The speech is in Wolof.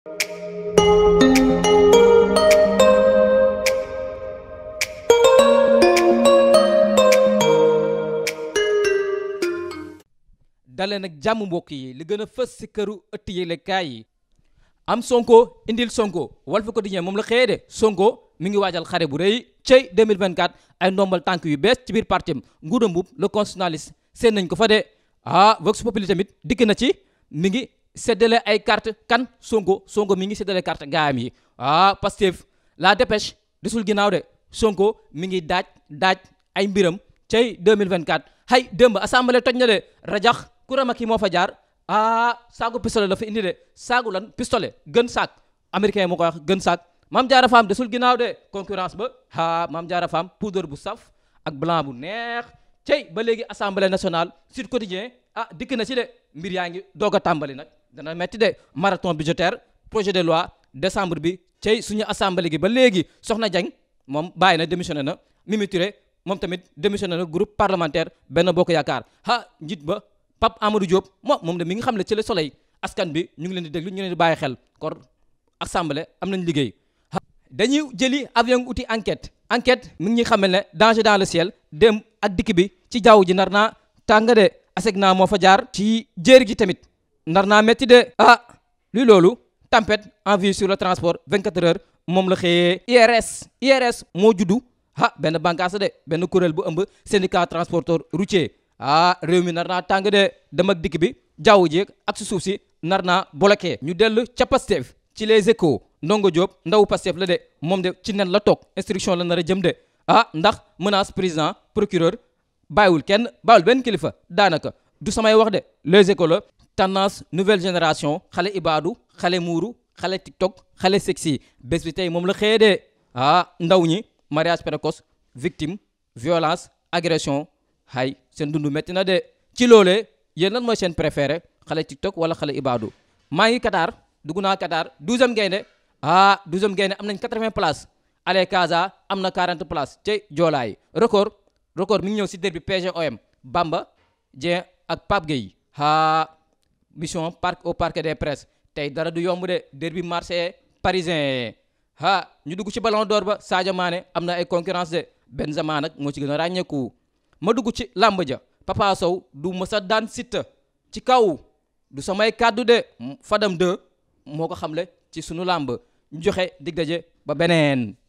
dale nag jàmm mbokk yi li gën a fës si këru ëtt yëglekaay yi am sonko indil sonko Walf Quotidien moom la xëyee de sonko mi ngi waajal xare bu rëy cey 2024 ay ndombal tànk yu bees ci biir partiam am nguuda mbub le seen nañ ko fa de ah vox populi tamit dikk na ci mi seddale ay carte kan Sonko Sonko mi ngi seddale carte gaayam yi ah Pastef la dépêche desul ginnaaw de Sonko mi ngi daaj daaj ay mbiram deux mille cay 2024 hay démb assemblée toj na de rajax kurama ki moo fa jaar ah saagu pistolet la fa indi de saagu lan pistolet gën saak américain moo ko wax gën saak maam jaara faam desul ginnaaw de concurrence ba ah maam jaara faam poudre bu saf ak blanc bu neex cey ba léegi assemblée nationale Sud Quotidien ah dikk na mbir yaa ngi doog tàmbali nag dana metti de marathon budgétaire projet de loi décembre bi cey suñu assemblée gi ba léegi soxna Diagne moom bàyyi na démissionné na Mimi Touré moom tamit démissionné na groupe parlementaire benn bokk yaakaar ha njit ba pap Amadou Diop moom moom de mi ngi xam ne ci le soleil askan bi ñu ngi leen di déglu ñu leen di bàyyi xel kon assemblée am nañ liggéey. dañuy jëli avion uti enquête enquête mi ngi ñuy xamal ne danger dans le ciel dem ak dikk bi ci jaww ji nar naa tànga de moo fa ci jéer gi tamit ndar naa métti de ah luy loolu tempête en vue sur le transport 24 heures moom la xëyee IRS IRS moo juddu ah benn bànqaas de benn kuréel bu ëmb syndicat transporteur routier ah réew mi nar naa tàng de dem ak dikk bi jaww jeeg ak si suuf si nar naa bloqué ñu dell ca Pastef ci les échos ndongo Diop ndaw Pastef la de moom de ci nen la toog instruction la nar a jëm de ah ndax a président procureur bàyyiwul kenn bàyyiwul benn kilifa daanaka du samay wax de les échos tendance nouvelle génération xale ibaadu xale muuru xale tiktok xale sexy bés bi tey moom la xëyee de ah ndaw ñi mariage précoce victime violence agression hay seen dund métti na de ci loole yéen lan mooy seen préféré xale tiktok wala xale ibaadu maa ngi kataar dugg naa Qatar douzième gaynde ah douzième gaynde am nañ quatre-vingts places ale Casa am na quarante places ci joolaay record record mi ñëw si derbi PSG OM Bamba Dieng ak Pape Gueye ah mission par au parquet des presses tey dara du yomb de derby marseillais parisien ha ñu dugg ci ballon d'or ba Sadio Mané am na ay concurrence de Benzema nag moo ci gën a ràññeeku ma dugg ci làmb ja Papa Sow du mësa daan Siteu ci kaw du samay kàddu de Fadam 2 moo ko xamle ci sunu làmb ñu joxe dig daje ba beneen